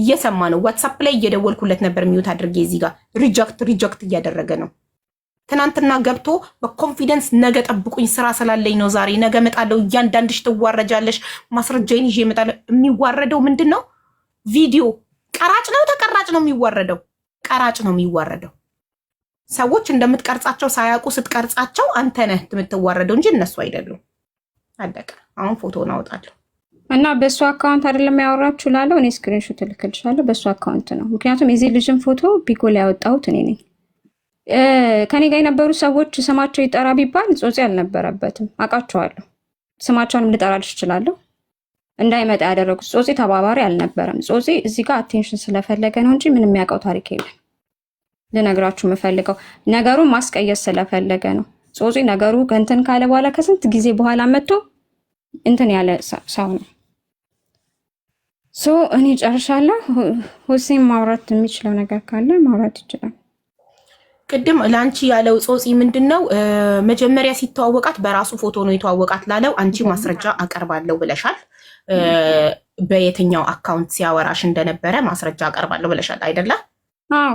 እየሰማ ነው። ዋትሳፕ ላይ እየደወልኩለት ነበር ሚዩት አድርጌ እዚህ ጋር ሪጀክት ሪጀክት እያደረገ ነው። ትናንትና ገብቶ በኮንፊደንስ ነገ ጠብቁኝ ስራ ስላለኝ ነው ዛሬ ነገ እመጣለሁ፣ እያንዳንድሽ ትዋረጃለሽ፣ ማስረጃዬን ይዤ እመጣለሁ። የሚዋረደው ምንድን ነው? ቪዲዮ ቀራጭ ነው ተቀራጭ ነው የሚዋረደው? ቀራጭ ነው የሚዋረደው። ሰዎች እንደምትቀርጻቸው ሳያውቁ ስትቀርጻቸው አንተ ነህ የምትዋረደው እንጂ እነሱ አይደሉም። አለቀ። አሁን ፎቶውን አወጣለሁ። እና በእሱ አካውንት አይደለም ያወራችሁ ላለው እኔ ስክሪንሾት እልክልሻለሁ። በእሱ አካውንት ነው፣ ምክንያቱም የዚህ ልጅን ፎቶ ቢጎ ላይ ያወጣሁት እኔ ነኝ። ከኔ ጋር የነበሩ ሰዎች ስማቸው ይጠራ ቢባል ጾጽ አልነበረበትም። አውቃቸዋለሁ፣ ስማቸውንም ልጠራልሽ እችላለሁ። እንዳይመጣ ያደረጉት ጾጽ ተባባሪ አልነበረም። ጾጽ እዚህ ጋር አቴንሽን ስለፈለገ ነው እንጂ ምን የሚያውቀው ታሪክ የለም። ልነግራችሁ የምፈልገው ነገሩን ማስቀየስ ስለፈለገ ነው። ጾጽ ነገሩ እንትን ካለ በኋላ ከስንት ጊዜ በኋላ መጥቶ እንትን ያለ ሰው ነው። ሶ እኔ ጨርሻለሁ። ሁሴን ማውራት የሚችለው ነገር ካለ ማውራት ይችላል። ቅድም ለአንቺ ያለው ጾጺ ምንድን ነው? መጀመሪያ ሲተዋወቃት በራሱ ፎቶ ነው የተዋወቃት ላለው አንቺ ማስረጃ አቀርባለሁ ብለሻል። በየትኛው አካውንት ሲያወራሽ እንደነበረ ማስረጃ አቀርባለሁ ብለሻል አይደለ? አዎ።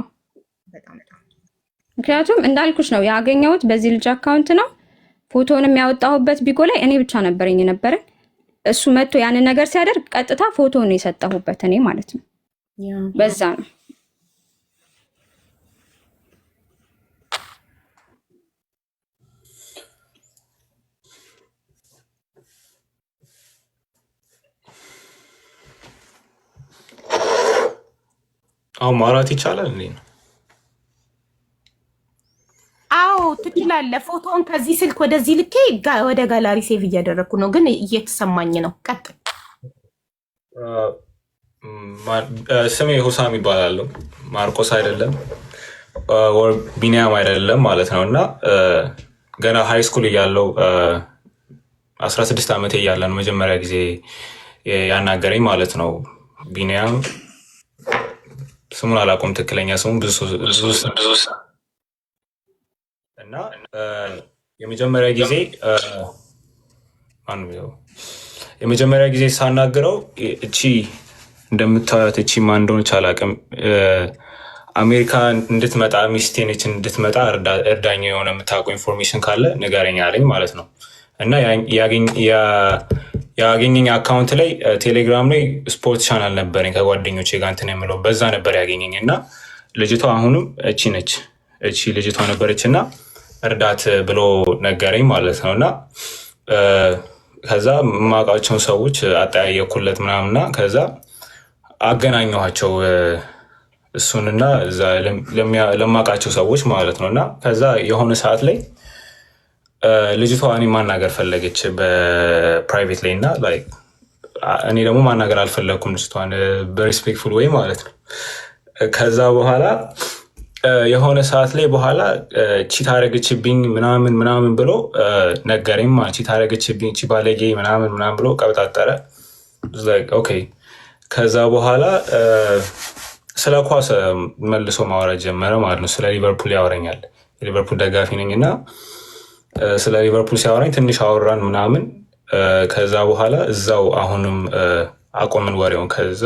ምክንያቱም እንዳልኩሽ ነው ያገኘሁት በዚህ ልጅ አካውንት ነው። ፎቶን የሚያወጣሁበት ቢጎ ላይ እኔ ብቻ ነበረኝ የነበረን እሱ መጥቶ ያንን ነገር ሲያደርግ ቀጥታ ፎቶ ነው የሰጠሁበት እኔ ማለት ነው። በዛ ነው አሁን ማውራት ይቻላል እንዴ ነው አዎ ትችላለህ። ፎቶውን ከዚህ ስልክ ወደዚህ ልኬ ወደ ጋላሪ ሴቭ እያደረግኩ ነው፣ ግን እየተሰማኝ ነው። ቀጥል። ስሜ ሁሳም ይባላሉ። ማርቆስ አይደለም ወር ቢኒያም አይደለም ማለት ነው። እና ገና ሀይ ስኩል እያለው አስራ ስድስት ዓመቴ እያለ ነው መጀመሪያ ጊዜ ያናገረኝ ማለት ነው። ቢኒያም ስሙን አላውቅም፣ ትክክለኛ ስሙን ብዙ እና የመጀመሪያ ጊዜ የመጀመሪያ ጊዜ ሳናግረው እቺ እንደምታዩት እቺ ማን እንደሆነች አላውቅም። አሜሪካ እንድትመጣ ሚስቴነች እንድትመጣ እርዳኛ የሆነ የምታውቀው ኢንፎርሜሽን ካለ ንገረኝ አለኝ ማለት ነው። እና ያገኘኝ አካውንት ላይ ቴሌግራም ላይ ስፖርት ቻናል ነበረኝ ከጓደኞች ጋር እንትን የምለው በዛ ነበር ያገኘኝ። እና ልጅቷ አሁንም እቺ ነች፣ እቺ ልጅቷ ነበረች እና እርዳት ብሎ ነገረኝ ማለት ነው። እና ከዛ የማውቃቸውን ሰዎች አጠያየኩለት ምናምንና ከዛ አገናኘኋቸው እሱንና ለማውቃቸው ሰዎች ማለት ነው። እና ከዛ የሆነ ሰዓት ላይ ልጅቷ እኔ ማናገር ፈለገች በፕራይቬት ላይ እና እኔ ደግሞ ማናገር አልፈለግኩም ልጅቷን በሪስፔክትፉል ወይ ማለት ነው። ከዛ በኋላ የሆነ ሰዓት ላይ በኋላ ቺት አረገችብኝ ምናምን ምናምን ብሎ ነገረኝ። ቺት አረገችብኝ ቺ ባለጌ ምናምን ምናምን ብሎ ቀብጣጠረ። ኦኬ ከዛ በኋላ ስለ ኳስ መልሶ ማውራት ጀመረ ማለት ነው። ስለ ሊቨርፑል ያወረኛል። የሊቨርፑል ደጋፊ ነኝ እና ስለ ሊቨርፑል ሲያወራኝ ትንሽ አወራን ምናምን። ከዛ በኋላ እዛው አሁንም አቆምን ወሬውን ከዛ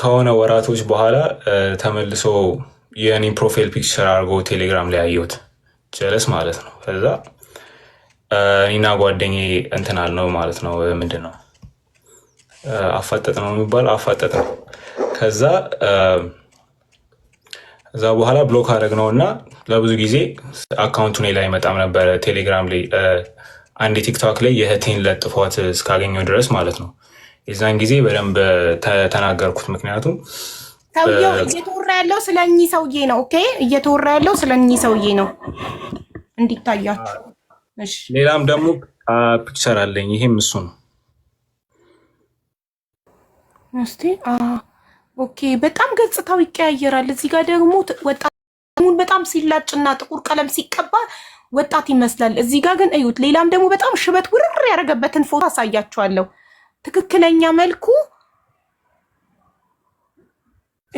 ከሆነ ወራቶች በኋላ ተመልሶ የኔ ፕሮፋይል ፒክቸር አድርጎ ቴሌግራም ላይ አየሁት። ጀለስ ማለት ነው። ከዛ እኔና ጓደኛዬ እንትን አልነው ማለት ነው። ምንድን ነው አፋጠጥ ነው የሚባል አፋጠጥ ነው። ከዛ እዛ በኋላ ብሎክ አደረግ ነው እና ለብዙ ጊዜ አካውንቱ ላይ አይመጣም ነበረ ቴሌግራም ላይ አንድ ቲክቶክ ላይ የእህቴን ለጥፏት እስካገኘው ድረስ ማለት ነው። የዛን ጊዜ በደንብ ተናገርኩት። ምክንያቱም ሰውየው እየተወራ ያለው ስለ እኚህ ሰውዬ ነው። ኦኬ፣ እየተወራ ያለው ስለ እኚህ ሰውዬ ነው እንዲታያችሁ። ሌላም ደግሞ ፒክቸር አለኝ። ይሄም እሱ ነው። እስቲ ኦኬ። በጣም ገጽታው ይቀያየራል። እዚህ ጋር ደግሞ ወጣት በጣም ሲላጭና ጥቁር ቀለም ሲቀባ ወጣት ይመስላል። እዚህ ጋር ግን እዩት። ሌላም ደግሞ በጣም ሽበት ውርር ያደረገበትን ፎቶ አሳያችኋለሁ። ትክክለኛ መልኩ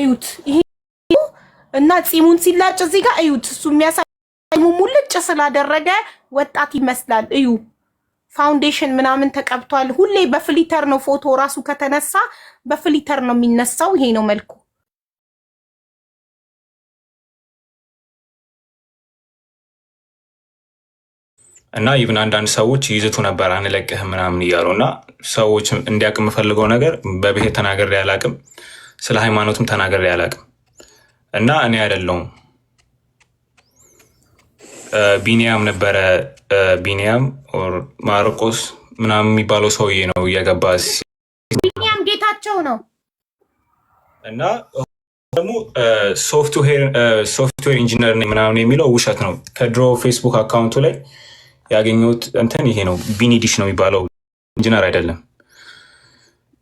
እዩት። ይሄ እና ፂሙን ሲላጭ እዚህ ጋር እዩት። እሱ የሚያሳይ ሙልጭ ስላደረገ ወጣት ይመስላል። እዩ ፋውንዴሽን ምናምን ተቀብቷል። ሁሌ በፍሊተር ነው ፎቶ ራሱ ከተነሳ በፍሊተር ነው የሚነሳው። ይሄ ነው መልኩ። እና ይብን አንዳንድ ሰዎች ይዝቱ ነበር አንለቅህ ምናምን እያሉ እና ሰዎች እንዲያውቅ የምፈልገው ነገር በብሄር ተናገር ያላቅም ስለ ሃይማኖትም ተናገር አላቅም። እና እኔ አይደለሁም ቢኒያም ነበረ ቢኒያም ኦር ማርቆስ ምናምን የሚባለው ሰውዬ ነው እየገባ ቢኒያም ጌታቸው ነው እና ደግሞ ሶፍትዌር ኢንጂነር ምናምን የሚለው ውሸት ነው። ከድሮ ፌስቡክ አካውንቱ ላይ ያገኘሁት እንትን ይሄ ነው። ቢኒ ዲሽ ነው የሚባለው ኢንጂነር አይደለም።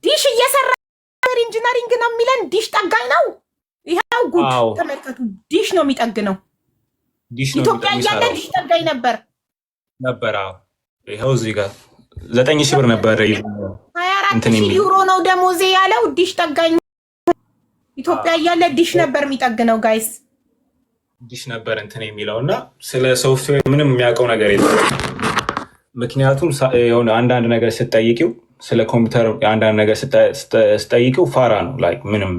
ዲሽ እየሰራ ኢንጂነሪንግ ነው የሚለን። ዲሽ ጠጋኝ ነው። ይኸው ጉድ ተመልከቱ። ዲሽ ነው የሚጠግ ነው። ኢትዮጵያ እያለ ዲሽ ጠጋኝ ነበር ነበር። ይኸው እዚህ ጋር ዘጠኝ ሺህ ብር ነበር። ሀያ አራት ሺህ ዩሮ ነው ደሞዜ ያለው። ዲሽ ጠጋኝ ኢትዮጵያ እያለ ዲሽ ነበር የሚጠግ ነው ጋይስ ዲሽ ነበር እንትን የሚለው እና ስለ ሶፍትዌር ምንም የሚያውቀው ነገር የለም። ምክንያቱም የሆነ አንዳንድ ነገር ስጠይቂው ስለ ኮምፒውተር አንዳንድ ነገር ስጠይቂው ፋራ ነው፣ ላይ ምንም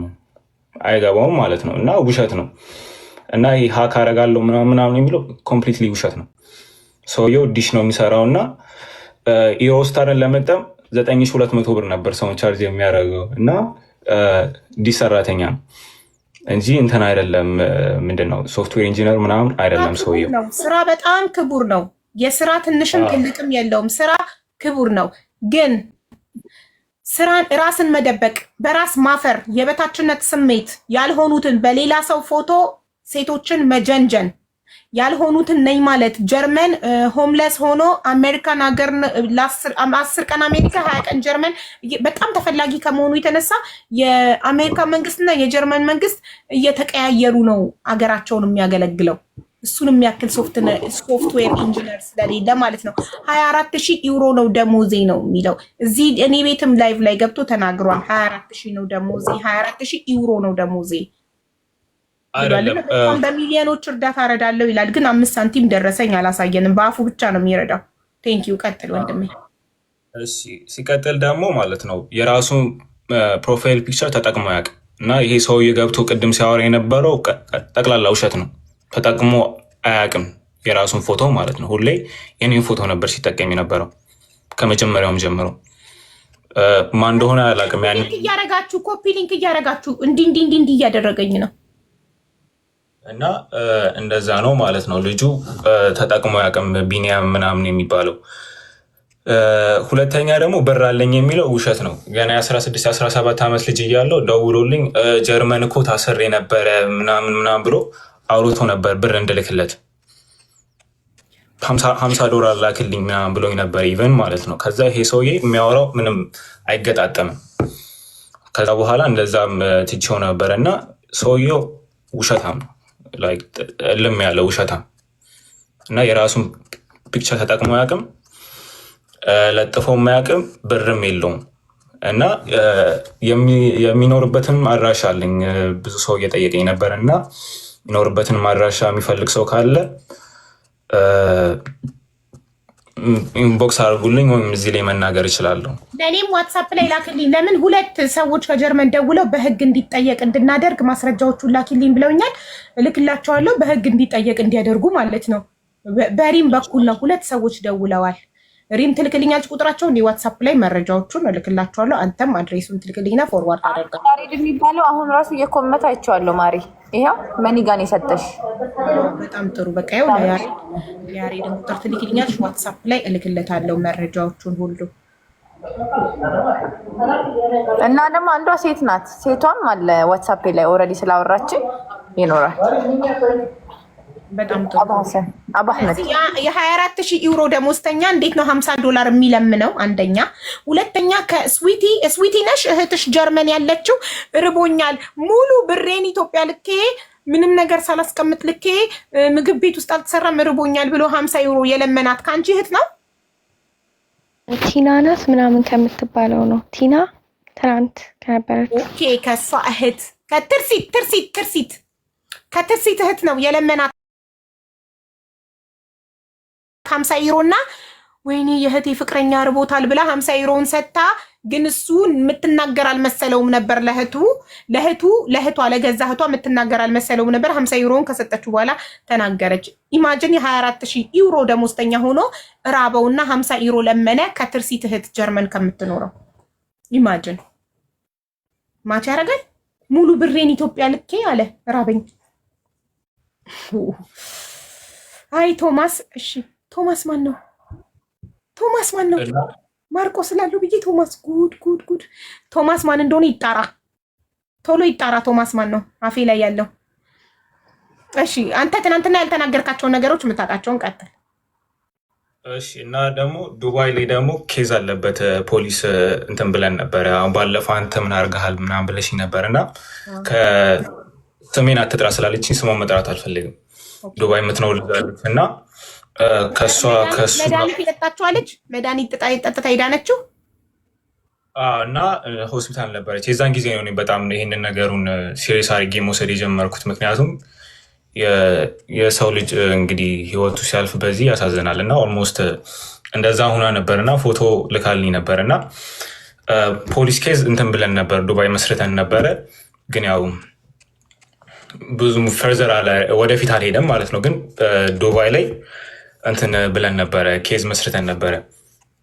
አይገባውም ማለት ነው እና ውሸት ነው እና ይህ ሀክ አደርጋለሁ ምናምን የሚለው ኮምፕሊትሊ ውሸት ነው። ሰውየው ዲሽ ነው የሚሰራው እና ኢሮስታርን ለመጠም ዘጠኝ ሺህ ሁለት መቶ ብር ነበር ሰውን ቻርጅ የሚያደርገው እና ዲሽ ሰራተኛ ነው። እንጂ እንትን አይደለም። ምንድን ነው ሶፍትዌር ኢንጂነር ምናምን አይደለም። ሰውየው ስራ በጣም ክቡር ነው። የስራ ትንሽም ትልቅም የለውም። ስራ ክቡር ነው። ግን ስራን ራስን መደበቅ፣ በራስ ማፈር፣ የበታችነት ስሜት ያልሆኑትን በሌላ ሰው ፎቶ ሴቶችን መጀንጀን ያልሆኑትን ነኝ ማለት ጀርመን ሆምለስ ሆኖ አሜሪካን ሀገር አስር ቀን አሜሪካ ሀያ ቀን ጀርመን በጣም ተፈላጊ ከመሆኑ የተነሳ የአሜሪካ መንግስትና የጀርመን መንግስት እየተቀያየሩ ነው ሀገራቸውን የሚያገለግለው። እሱን የሚያክል ሶፍትዌር ኢንጂነር ስለሌለ ማለት ነው። ሀያ አራት ሺህ ዩሮ ነው ደሞዜ ነው የሚለው እዚህ እኔ ቤትም ላይቭ ላይ ገብቶ ተናግሯል። ሀያ አራት ሺህ ነው ደሞዜ፣ ሀያ አራት ሺህ ዩሮ ነው ደሞዜ በሚሊዮኖች እርዳታ እረዳለሁ ይላል፣ ግን አምስት ሳንቲም ደረሰኝ አላሳየንም። በአፉ ብቻ ነው የሚረዳው። ቴንኪዩ ቀጥል ወንድሜ። እሺ ሲቀጥል ደግሞ ማለት ነው የራሱ ፕሮፋይል ፒክቸር ተጠቅሞ ያውቅ እና ይሄ ሰውዬ ገብቶ ቅድም ሲያወራ የነበረው ጠቅላላ ውሸት ነው። ተጠቅሞ አያውቅም የራሱን ፎቶ ማለት ነው። ሁሌ የኔን ፎቶ ነበር ሲጠቀም የነበረው ከመጀመሪያውም ጀምሮ ማን እንደሆነ አላውቅም። እያረጋችሁ ኮፒ ሊንክ እያረጋችሁ እንዲህ እንዲህ እንዲህ እያደረገኝ ነው እና እንደዛ ነው ማለት ነው። ልጁ ተጠቅሞ ያቅም ቢኒያም ምናምን የሚባለው ሁለተኛ ደግሞ ብር አለኝ የሚለው ውሸት ነው። ገና የ16 17 ዓመት ልጅ እያለው ደውሎልኝ ጀርመን እኮ ታስሬ ነበረ ምናምን ምናምን ብሎ አውሮቶ ነበር ብር እንድልክለት ሀምሳ ዶላር ላክልኝ ምናምን ብሎኝ ነበር ኢቨን ማለት ነው። ከዛ ይሄ ሰውዬ የሚያወራው ምንም አይገጣጠምም። ከዛ በኋላ እንደዛም ትቼው ነበር እና ሰውዬው ውሸታም ነው። እልም ያለ ውሸታም እና የራሱን ፒክቸር ተጠቅሞ አያውቅም፣ ለጥፎ አያውቅም፣ ብርም የለውም እና የሚኖርበትን አድራሻ አለኝ። ብዙ ሰው እየጠየቀኝ ነበር እና የሚኖርበትን አድራሻ የሚፈልግ ሰው ካለ ኢንቦክስ አድርጉልኝ ወይም እዚህ ላይ መናገር እችላለሁ። ለእኔም ዋትሳፕ ላይ ላክልኝ። ለምን ሁለት ሰዎች ከጀርመን ደውለው በህግ እንዲጠየቅ እንድናደርግ ማስረጃዎቹን ላክልኝ ብለውኛል። እልክላቸዋለሁ። በህግ እንዲጠየቅ እንዲያደርጉ ማለት ነው። በሪም በኩል ነው ሁለት ሰዎች ደውለዋል። ሪም ትልክልኛለች ቁጥራቸው እንዲ ዋትሳፕ ላይ መረጃዎቹን እልክላቸዋለሁ። አንተም አድሬሱን ትልክልኝና ፎርዋርድ አደርጋለሁ። ማሪ የሚባለው አሁን ራሱ እየኮመት አይቼዋለሁ። ማሪ ይኸው ጋን የሰጠሽ በጣም ጥሩ። በቃ ይኸው ያሬድን ቁጥር ትልክልኛለች ዋትሳፕ ላይ እልክለታለሁ መረጃዎቹን ሁሉ እና ደግሞ አንዷ ሴት ናት። ሴቷም አለ ዋትሳፕ ላይ ኦልሬዲ ስላወራችን ይኖራል። የ24 ሺህ ዩሮ ደሞዝተኛ እንዴት ነው 50 ዶላር የሚለምነው? አንደኛ። ሁለተኛ ከስዊቲ ስዊቲ ነሽ እህትሽ ጀርመን ያለችው ርቦኛል፣ ሙሉ ብሬን ኢትዮጵያ ልኬ ምንም ነገር ሳላስቀምጥ ልኬ ምግብ ቤት ውስጥ አልተሰራም ርቦኛል ብሎ ሀምሳ ዩሮ የለመናት ከአንቺ እህት ነው ቲና ናት ምናምን ከምትባለው ነው ቲና ትናንት ከነበረች ከእሷ እህት ከትርሲት ትርሲት ትርሲት ከትርሲት እህት ነው የለመናት ሀምሳ ዩሮ እና ወይኔ የእህቴ ፍቅረኛ ርቦታል ብላ ሀምሳ ዩሮውን ሰጥታ ግን እሱ የምትናገር አልመሰለውም ነበር። ለእህቱ ለእህቱ ለእህቷ ለገዛ እህቷ የምትናገር አልመሰለውም ነበር። ሀምሳ ዩሮውን ከሰጠችው በኋላ ተናገረች። ኢማጅን የ24 ሺህ ዩሮ ደሞዝተኛ ሆኖ ራበውና ሀምሳ ዩሮ ለመነ ከትርሲት እህት ጀርመን ከምትኖረው ኢማጅን ማች ያደርጋል። ሙሉ ብሬን ኢትዮጵያ ልኬ አለ ራበኝ። አይ ቶማስ እሺ ቶማስ ማን ነው? ቶማስ ማን ነው? ማርቆስ ስላለው ብዬ ቶማስ ጉድ ጉድ ጉድ። ቶማስ ማን እንደሆነ ይጣራ፣ ቶሎ ይጣራ። ቶማስ ማን ነው? አፌ ላይ ያለው እሺ። አንተ ትናንትና ያልተናገርካቸውን ነገሮች የምታውቃቸውን ቀጥል። እሺ። እና ደግሞ ዱባይ ላይ ደግሞ ኬዝ አለበት ፖሊስ እንትን ብለን ነበረ። አሁን ባለፈው አንተ ምን አርገሃል ምናምን ብለሽ ነበር እና ከስሜን አትጥራ ስላለችኝ ስሟን መጥራት አልፈልግም። ዱባይ የምትኖር ልጅ አለች እና ከሷ ከሱ መድኃኒት ይጠጣችኋለች። መድኃኒት ጠጥታ ሄዳነችው እና ሆስፒታል ነበረች። የዛን ጊዜ ነው በጣም ይህንን ነገሩን ሲሪየስ አድርጌ መውሰድ የጀመርኩት። ምክንያቱም የሰው ልጅ እንግዲህ ህይወቱ ሲያልፍ በዚህ ያሳዝናል እና ኦልሞስት እንደዛ ሁና ነበር እና ፎቶ ልካልኝ ነበር እና ፖሊስ ኬዝ እንትን ብለን ነበር ዱባይ መስርተን ነበረ ግን ያው ብዙ ፈርዘር ወደፊት አልሄደም ማለት ነው ግን ዱባይ ላይ እንትን ብለን ነበረ፣ ኬዝ መስርተን ነበረ።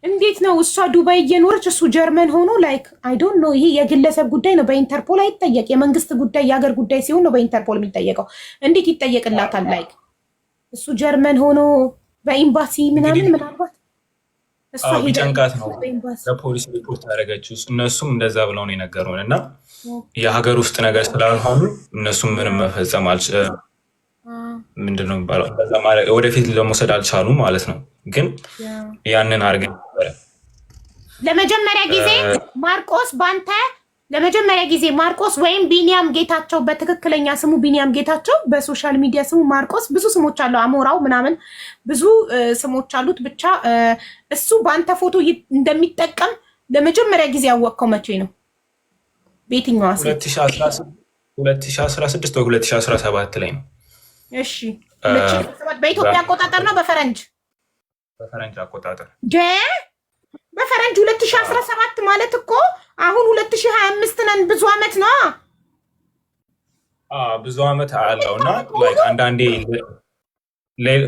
እንዴት ነው እሷ ዱባይ እየኖረች እሱ ጀርመን ሆኖ ላይክ አይ ዶንት ኖ። ይሄ የግለሰብ ጉዳይ ነው፣ በኢንተርፖል አይጠየቅ። የመንግስት ጉዳይ የሀገር ጉዳይ ሲሆን ነው በኢንተርፖል የሚጠየቀው። እንዴት ይጠየቅላታል? ላይክ እሱ ጀርመን ሆኖ በኤምባሲ ምናምን ምናልባት ቢጨንቃት ነው ለፖሊስ ሪፖርት ያደረገችው። እነሱም እንደዛ ብለው ነው የነገሩን እና የሀገር ውስጥ ነገር ስላልሆኑ እነሱም ምንም መፈጸም አልችልም ምንድን ነው የሚባለው ወደፊት ለመውሰድ አልቻሉ ማለት ነው። ግን ያንን አድርገን ነበረ ለመጀመሪያ ጊዜ ማርቆስ ባንተ ለመጀመሪያ ጊዜ ማርቆስ ወይም ቢኒያም ጌታቸው በትክክለኛ ስሙ ቢኒያም ጌታቸው፣ በሶሻል ሚዲያ ስሙ ማርቆስ። ብዙ ስሞች አለው፣ አሞራው ምናምን ብዙ ስሞች አሉት። ብቻ እሱ በአንተ ፎቶ እንደሚጠቀም ለመጀመሪያ ጊዜ ያወቅከው መቼ ነው? በየትኛዋ 2016 ወይ 2017 ላይ ነው። እሺ በኢትዮጵያ አቆጣጠር ነው በፈረንጅ በፈረንጅ አቆጣጠር በፈረንጅ 2017 ማለት እኮ አሁን 2025 ነን። ብዙ አመት ነው፣ ብዙ አመት አለው እና አንዳንዴ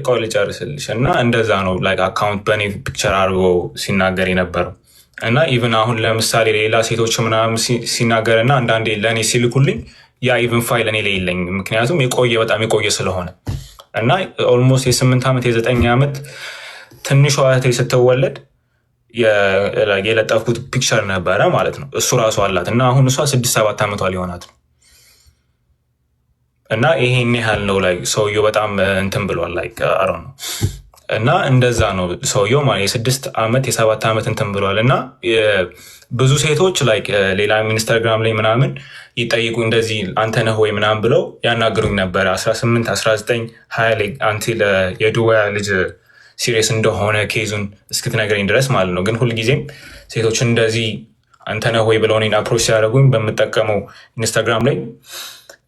ቆይ ልጨርስልሽ እና እንደዛ ነው ላይክ አካውንት በእኔ ፒክቸር አድርጎ ሲናገር የነበረው እና ኢቨን አሁን ለምሳሌ ሌላ ሴቶች ምናምን ሲናገር እና አንዳንዴ ለእኔ ሲልኩልኝ ያ ኢቭን ፋይል እኔ ላይ የለኝ፣ ምክንያቱም የቆየ በጣም የቆየ ስለሆነ እና ኦልሞስት የስምንት ዓመት የዘጠኝ ዓመት ትንሿ እህቴ ስትወለድ የለጠፍኩት ፒክቸር ነበረ ማለት ነው። እሱ ራሱ አላት እና አሁን እሷ ስድስት ሰባት ዓመቷ ሊሆናት ነው እና ይሄን ያህል ነው ላይ ሰውየው በጣም እንትን ብሏል ላይ አሮ ነው እና እንደዛ ነው ሰውየው ማለት የስድስት ዓመት የሰባት ዓመት እንትን ብሏል። እና ብዙ ሴቶች ላይ ሌላ ኢንስታግራም ላይ ምናምን ይጠይቁ እንደዚህ አንተ ነህ ወይ ምናምን ብለው ያናግሩኝ ነበረ 18 19 20 ላይ አንቲ የዱባያ ልጅ ሲሪየስ እንደሆነ ኬዙን እስክትነግረኝ ድረስ ማለት ነው። ግን ሁልጊዜም ሴቶች እንደዚህ አንተ ነህ ወይ ብለው እኔን አፕሮች ሲያደርጉኝ በምጠቀመው ኢንስታግራም ላይ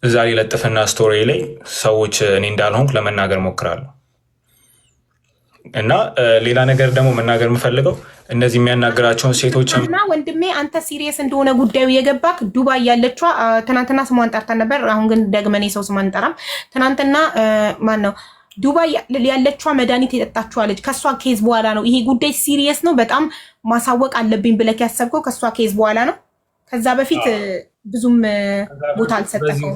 እዛ ላይ ለጥፍና ስቶሪ ላይ ሰዎች እኔ እንዳልሆንኩ ለመናገር ሞክራለሁ። እና ሌላ ነገር ደግሞ መናገር የምፈልገው እነዚህ የሚያናግራቸውን ሴቶች እና ወንድሜ አንተ ሲሪየስ እንደሆነ ጉዳዩ የገባክ ዱባይ ያለችዋ ትናንትና ስሟን ጠርተን ነበር። አሁን ግን ደግመን የሰው ስም አንጠራም። ትናንትና ማን ነው ዱባይ ያለችዋ መድኃኒት የጠጣችዋ ልጅ ከእሷ ኬዝ በኋላ ነው ይሄ ጉዳይ ሲሪየስ ነው፣ በጣም ማሳወቅ አለብኝ ብለክ ያሰብከው ከእሷ ኬዝ በኋላ ነው። ከዛ በፊት ብዙም ቦታ አልሰጠከው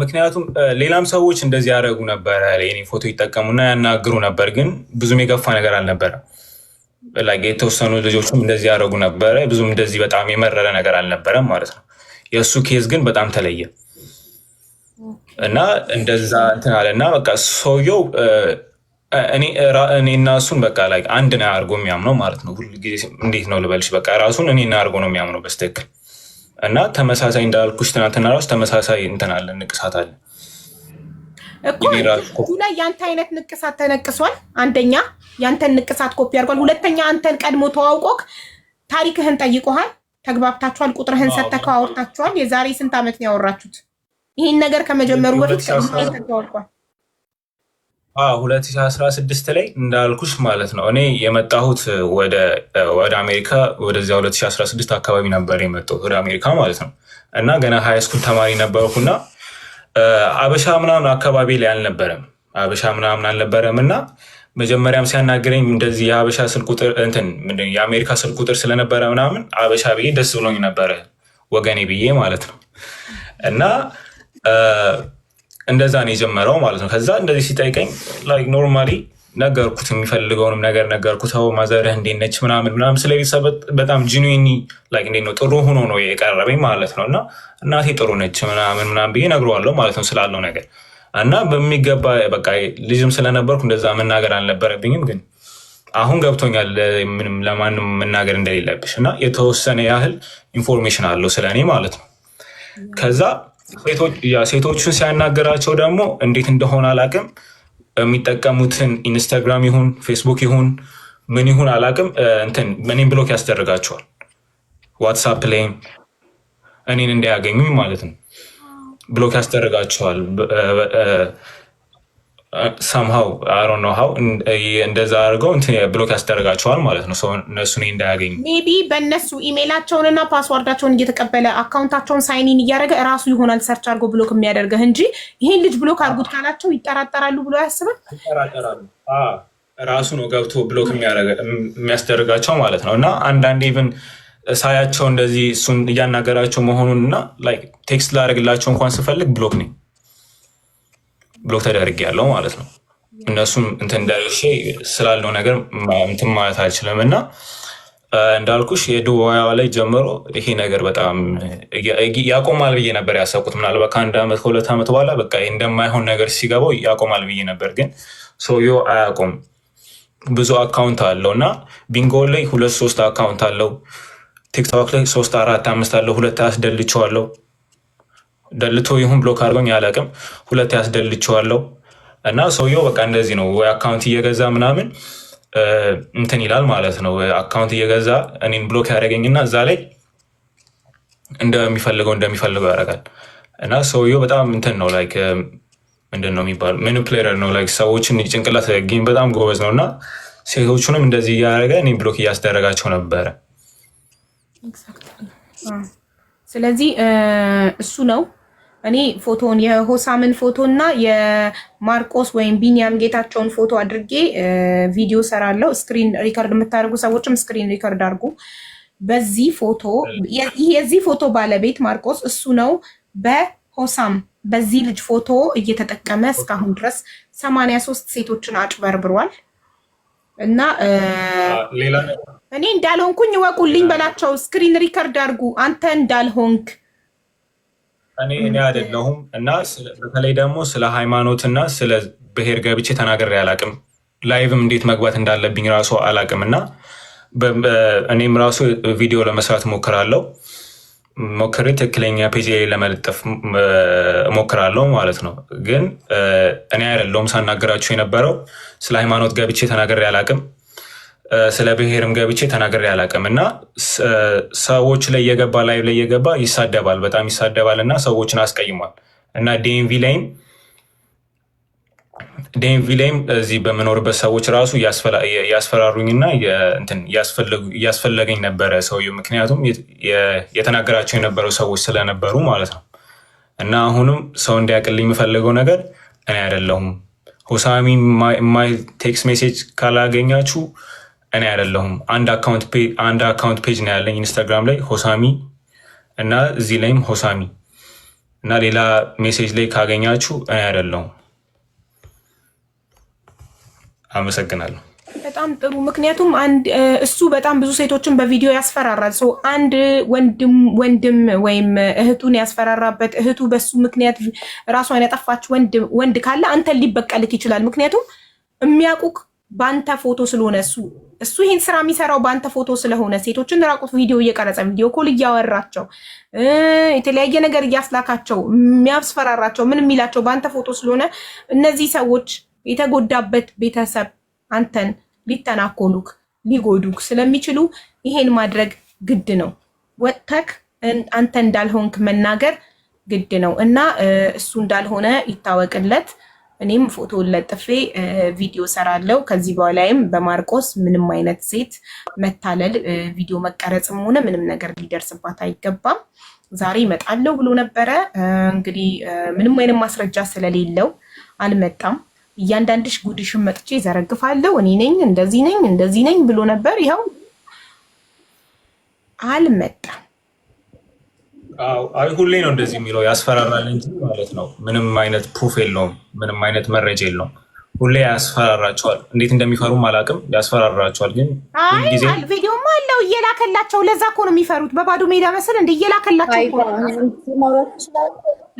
ምክንያቱም ሌላም ሰዎች እንደዚህ ያደረጉ ነበረ። የኔ ፎቶ ይጠቀሙና ያናግሩ ነበር፣ ግን ብዙም የገፋ ነገር አልነበረም። የተወሰኑ ልጆችም እንደዚህ ያደረጉ ነበረ። ብዙም እንደዚህ በጣም የመረረ ነገር አልነበረም ማለት ነው። የእሱ ኬዝ ግን በጣም ተለየ እና እንደዛ እንትን አለ እና በቃ ሰውየው እኔና እሱን በቃ ላይ አንድ ነው አድርጎ የሚያምነው ማለት ነው። ሁልጊዜ እንዴት ነው ልበልሽ፣ በቃ ራሱን እኔና አድርጎ ነው የሚያምነው በስትክክል እና ተመሳሳይ እንዳልኩሽ ትናንትና ራሱ ተመሳሳይ እንትን አለ ንቅሳት አለ እኮ ላይ የአንተ አይነት ንቅሳት ተነቅሷል። አንደኛ የአንተን ንቅሳት ኮፒ አድርጓል። ሁለተኛ አንተን ቀድሞ ተዋውቆክ ታሪክህን ጠይቆሃል። ተግባብታችኋል። ቁጥርህን ሰተከው አውርታችኋል። የዛሬ ስንት ዓመት ነው ያወራችሁት? ይህን ነገር ከመጀመሩ በፊት ተዋውቋል። 2016 ላይ እንዳልኩሽ ማለት ነው። እኔ የመጣሁት ወደ አሜሪካ ወደዚያ 2016 አካባቢ ነበር የመጣሁት ወደ አሜሪካ ማለት ነው። እና ገና ሀይ ስኩል ተማሪ ነበርኩና አበሻ ምናምን አካባቢ ላይ አልነበረም፣ አበሻ ምናምን አልነበረም። እና መጀመሪያም ሲያናግረኝ እንደዚህ የአበሻ ስልክ ቁጥር እንትን የአሜሪካ ስልክ ቁጥር ስለነበረ ምናምን አበሻ ብዬ ደስ ብሎኝ ነበረ፣ ወገኔ ብዬ ማለት ነው እና እንደዛ ነው የጀመረው ማለት ነው። ከዛ እንደዚህ ሲጠይቀኝ ላይክ ኖርማሊ ነገርኩት፣ የሚፈልገውንም ነገር ነገርኩት። ው ማዘርህ እንዴት ነች ምናምን ምናምን ስለ ቤተሰብ በጣም ጂኒኒ ላይክ እንዴት ነው ጥሩ ሆኖ ነው የቀረበኝ ማለት ነው። እና እናቴ ጥሩ ነች ምናምን ምናምን ብዬ እነግረዋለሁ ማለት ነው ስላለው ነገር እና በሚገባ በቃ ልጅም ስለነበርኩ እንደዛ መናገር አልነበረብኝም፣ ግን አሁን ገብቶኛል ለማንም መናገር እንደሌለብሽ እና የተወሰነ ያህል ኢንፎርሜሽን አለው ስለእኔ ማለት ነው ከዛ ሴቶቹን ሲያናገራቸው ደግሞ እንዴት እንደሆነ አላቅም የሚጠቀሙትን ኢንስታግራም ይሁን ፌስቡክ ይሁን ምን ይሁን አላቅም፣ እንትን እኔን ብሎክ ያስደርጋቸዋል። ዋትሳፕ ላይም እኔን እንዳያገኙኝ ማለት ነው ብሎክ ያስደርጋቸዋል። ሰምሃው አሮን ነው ሀው እንደዛ አድርገው ብሎክ ያስደረጋቸዋል ማለት ነው። እነሱን እንዳያገኙ ሜቢ በእነሱ ኢሜይላቸውንና ፓስዋርዳቸውን እየተቀበለ አካውንታቸውን ሳይኒን እያደረገ እራሱ ይሆናል ሰርች አድርጎ ብሎክ የሚያደርገህ እንጂ ይሄን ልጅ ብሎክ አድርጉት ካላቸው ይጠራጠራሉ ብሎ ያስባል። ይጠራጠራሉ ራሱ ነው ገብቶ ብሎክ የሚያስደርጋቸው ማለት ነው። እና አንዳንዴ ብን ሳያቸው እንደዚህ እሱን እያናገራቸው መሆኑን እና ቴክስት ላደርግላቸው እንኳን ስፈልግ ብሎክ ነኝ ብሎክ ተደርግ ያለው ማለት ነው። እነሱም እንትን እንዳልሽ ስላለው ነገር እንትን ማለት አልችልም እና እንዳልኩሽ የድዋያ ላይ ጀምሮ ይሄ ነገር በጣም ያቆማል ብዬ ነበር ያሰብኩት። ምናልባት ከአንድ ዓመት ከሁለት ዓመት በኋላ በቃ እንደማይሆን ነገር ሲገባው ያቆማል ብዬ ነበር፣ ግን ሰውየው አያቆም። ብዙ አካውንት አለው እና ቢንጎ ላይ ሁለት ሶስት አካውንት አለው፣ ቲክቶክ ላይ ሶስት አራት አምስት አለው፣ ሁለት አስደልቸዋለው ደልቶ ይሁን ብሎክ አድርጎኝ አላውቅም። ሁለት ያስደልቸዋለው እና ሰውየው በቃ እንደዚህ ነው ወይ አካውንት እየገዛ ምናምን እንትን ይላል ማለት ነው። አካውንት እየገዛ እኔን ብሎክ ያደረገኝና እዛ ላይ እንደሚፈልገው እንደሚፈልገው ያደርጋል እና ሰውየው በጣም እንትን ነው ላይክ ምንድን ነው የሚባለው ሜኒፕሌተር ነው ላይክ ሰዎችን ጭንቅላት ጌም በጣም ጎበዝ ነው እና ሴቶቹንም እንደዚህ እያደረገ እኔ ብሎክ እያስደረጋቸው ነበረ። ስለዚህ እሱ ነው እኔ ፎቶን የሆሳምን ፎቶ እና የማርቆስ ወይም ቢኒያም ጌታቸውን ፎቶ አድርጌ ቪዲዮ ሰራለው። ስክሪን ሪከርድ የምታደርጉ ሰዎችም ስክሪን ሪከርድ አድርጉ። በዚህ ፎቶ የዚህ ፎቶ ባለቤት ማርቆስ እሱ ነው። በሆሳም በዚህ ልጅ ፎቶ እየተጠቀመ እስካሁን ድረስ ሰማንያ ሶስት ሴቶችን አጭበርብሯል። እና እኔ እንዳልሆንኩኝ ወቁልኝ በላቸው። ስክሪን ሪከርድ አድርጉ። አንተ እንዳልሆንክ እኔ እኔ አይደለሁም እና በተለይ ደግሞ ስለ ሃይማኖትና ስለ ብሄር ገብቼ ተናግሬ አላቅም። ላይቭም እንዴት መግባት እንዳለብኝ ራሱ አላቅም እና እኔም ራሱ ቪዲዮ ለመስራት ሞክራለው ሞክሬ ትክክለኛ ፔጅ ላይ ለመለጠፍ ሞክራለው ማለት ነው። ግን እኔ አይደለሁም ሳናገራችሁ የነበረው ስለ ሃይማኖት ገብቼ ተናግሬ አላቅም። ስለ ብሔርም ገብቼ ተናግሬ አላቅም እና ሰዎች ላይ የገባ ላይ ላይ የገባ ይሳደባል፣ በጣም ይሳደባል እና ሰዎችን አስቀይሟል እና ዴንቪ ላይም ዴንቪ ላይም እዚህ በምኖርበት ሰዎች ራሱ ያስፈራሩኝና እያስፈለገኝ ነበረ ሰውዬው፣ ምክንያቱም የተናገራቸው የነበረው ሰዎች ስለነበሩ ማለት ነው። እና አሁንም ሰው እንዲያቅልኝ የምፈልገው ነገር እኔ አይደለሁም። ሆሳሚ ማይ ቴክስት ሜሴጅ ካላገኛችሁ እኔ አይደለሁም። አንድ አካውንት ፔጅ ነው ያለኝ ኢንስታግራም ላይ ሆሳሚ እና እዚህ ላይም ሆሳሚ እና ሌላ ሜሴጅ ላይ ካገኛችሁ እኔ አይደለሁም። አመሰግናለሁ። በጣም ጥሩ። ምክንያቱም እሱ በጣም ብዙ ሴቶችን በቪዲዮ ያስፈራራል። ሰው አንድ ወንድም ወንድም ወይም እህቱን ያስፈራራበት እህቱ በሱ ምክንያት ራሷን ያጠፋች ወንድ ካለ አንተን ሊበቀልክ ይችላል። ምክንያቱም የሚያውቁ በአንተ ፎቶ ስለሆነ እሱ እሱ ይሄን ስራ የሚሰራው በአንተ ፎቶ ስለሆነ ሴቶችን ራቁት ቪዲዮ እየቀረጸ ቪዲዮ ኮል እያወራቸው የተለያየ ነገር እያስላካቸው የሚያስፈራራቸው ምን የሚላቸው በአንተ ፎቶ ስለሆነ እነዚህ ሰዎች የተጎዳበት ቤተሰብ አንተን ሊተናኮሉክ ሊጎዱክ ስለሚችሉ ይሄን ማድረግ ግድ ነው። ወጥተክ አንተ እንዳልሆንክ መናገር ግድ ነው እና እሱ እንዳልሆነ ይታወቅለት። እኔም ፎቶውን ለጥፌ ቪዲዮ ሰራለው። ከዚህ በኋላይም በማርቆስ ምንም አይነት ሴት መታለል ቪዲዮ መቀረጽም ሆነ ምንም ነገር ሊደርስባት አይገባም። ዛሬ ይመጣለው ብሎ ነበረ። እንግዲህ ምንም አይነት ማስረጃ ስለሌለው አልመጣም። እያንዳንድሽ ጉድሽን መጥቼ ዘረግፋለሁ፣ እኔ ነኝ እንደዚህ ነኝ እንደዚህ ነኝ ብሎ ነበር። ይኸው አልመጣም። አይ ሁሌ ነው እንደዚህ የሚለው ያስፈራራል እንጂ ማለት ነው። ምንም አይነት ፕሩፍ የለውም፣ ምንም አይነት መረጃ የለውም። ሁሌ ያስፈራራቸዋል። እንዴት እንደሚፈሩም አላውቅም። ያስፈራራቸዋል ግን ጊዜ ቪዲዮም አለው እየላከላቸው። ለዛ እኮ ነው የሚፈሩት። በባዶ ሜዳ መሰል እንደ እየላከላቸው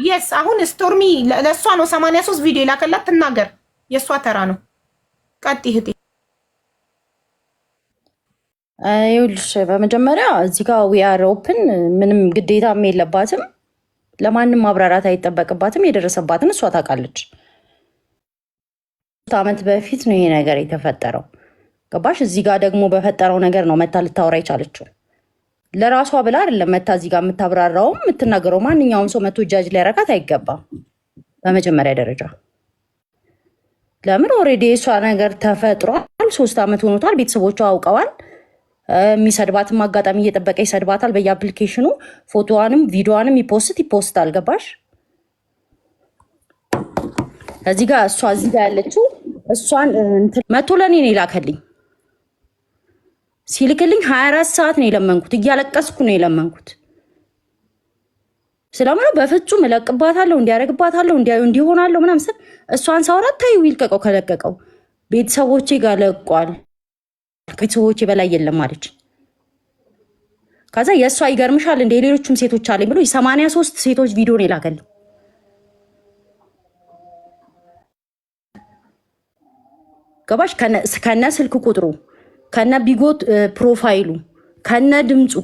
የስ አሁን ስቶርሚ ለእሷ ነው ሰማንያ ሶስት ቪዲዮ የላከላት። ትናገር፣ የእሷ ተራ ነው። ቀጥ ይህጤ ይኸውልሽ በመጀመሪያ እዚህ ጋር ዊአር ኦፕን ምንም ግዴታም የለባትም። ለማንም ማብራራት አይጠበቅባትም። የደረሰባትን እሷ ታውቃለች። ሶስት ዓመት በፊት ነው ይሄ ነገር የተፈጠረው። ገባሽ? እዚህ ጋር ደግሞ በፈጠረው ነገር ነው መታ ልታወራ የቻለችው። ለራሷ ብላ አይደለም መታ እዚህ ጋር የምታብራራውም የምትናገረው። ማንኛውም ሰው መቶ ጃጅ ሊያረካት አይገባም። በመጀመሪያ ደረጃ ለምን ኦልሬዲ የእሷ ነገር ተፈጥሯል። ሶስት ዓመት ሆኖታል። ቤተሰቦቿ አውቀዋል። የሚሰድባትም አጋጣሚ እየጠበቀ ይሰድባታል። በየአፕሊኬሽኑ ፎቶዋንም ቪዲዮዋንም ይፖስት ይፖስት አልገባሽ እዚህ ጋር እሷ እዚህ ጋር ያለችው እሷን መቶ ለእኔ ነው የላከልኝ። ሲልክልኝ ሀያ አራት ሰዓት ነው የለመንኩት፣ እያለቀስኩ ነው የለመንኩት። ስለምነው በፍጹም እለቅባታለሁ፣ እንዲያደርግባታለሁ፣ እንዲያዩ እንዲሆናለሁ ምናምን ስል እሷን ሳውራት ታዩ ይልቀቀው፣ ከለቀቀው ቤተሰቦቼ ጋር ለቋል። ከሰዎች በላይ የለም አለች። ከዛ የእሷ ይገርምሻል እንደ ሌሎቹም ሴቶች አለኝ ብሎ የሰማንያ ሶስት ሴቶች ቪዲዮ ነው የላከልኝ። ገባሽ? ከነ ስልክ ቁጥሩ ከነ ቢጎት ፕሮፋይሉ ከነ ድምፁ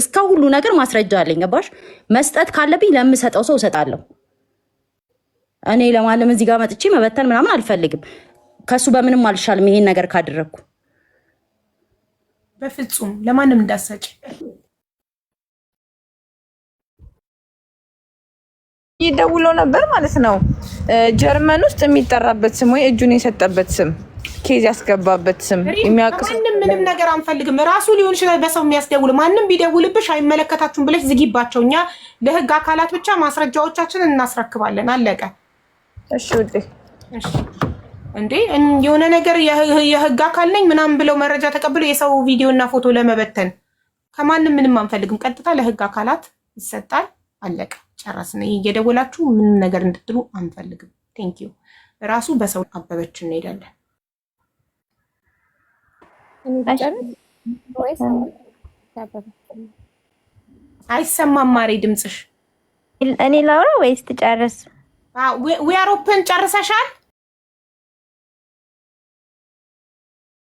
እስከ ሁሉ ነገር ማስረጃ አለኝ። ገባሽ? መስጠት ካለብኝ ለምሰጠው ሰው እሰጣለሁ። እኔ ለማለም እዚህ ጋር መጥቼ መበተን ምናምን አልፈልግም። ከሱ በምንም አልሻልም ይሄን ነገር ካደረግኩ በፍጹም ለማንም እንዳሰጭ ይደውሎ ነበር ማለት ነው። ጀርመን ውስጥ የሚጠራበት ስም ወይ እጁን የሰጠበት ስም ኬዝ ያስገባበት ስም የሚያውቅሰው ምንም ነገር አንፈልግም። ራሱ ሊሆን ይችላል በሰው የሚያስደውል ማንም ቢደውልብሽ አይመለከታችሁም ብለሽ ዝጊባቸው። እኛ ለህግ አካላት ብቻ ማስረጃዎቻችን እናስረክባለን። አለቀ። እሺ ውዴ። እንዴ የሆነ ነገር የህግ አካል ነኝ ምናምን ብለው መረጃ ተቀብለው የሰው ቪዲዮ እና ፎቶ ለመበተን ከማንም ምንም አንፈልግም። ቀጥታ ለህግ አካላት ይሰጣል። አለቀ፣ ጨረስን። እየደወላችሁ ምንም ነገር እንድትሉ አንፈልግም። ቴንክ ዩ። ራሱ በሰው አበበች እንሄዳለን። አይሰማም ማሬ ድምፅሽ። እኔ ላውራ ወይስ ትጨርስ? ዊ አር ኦፕን ጨርሰሻል?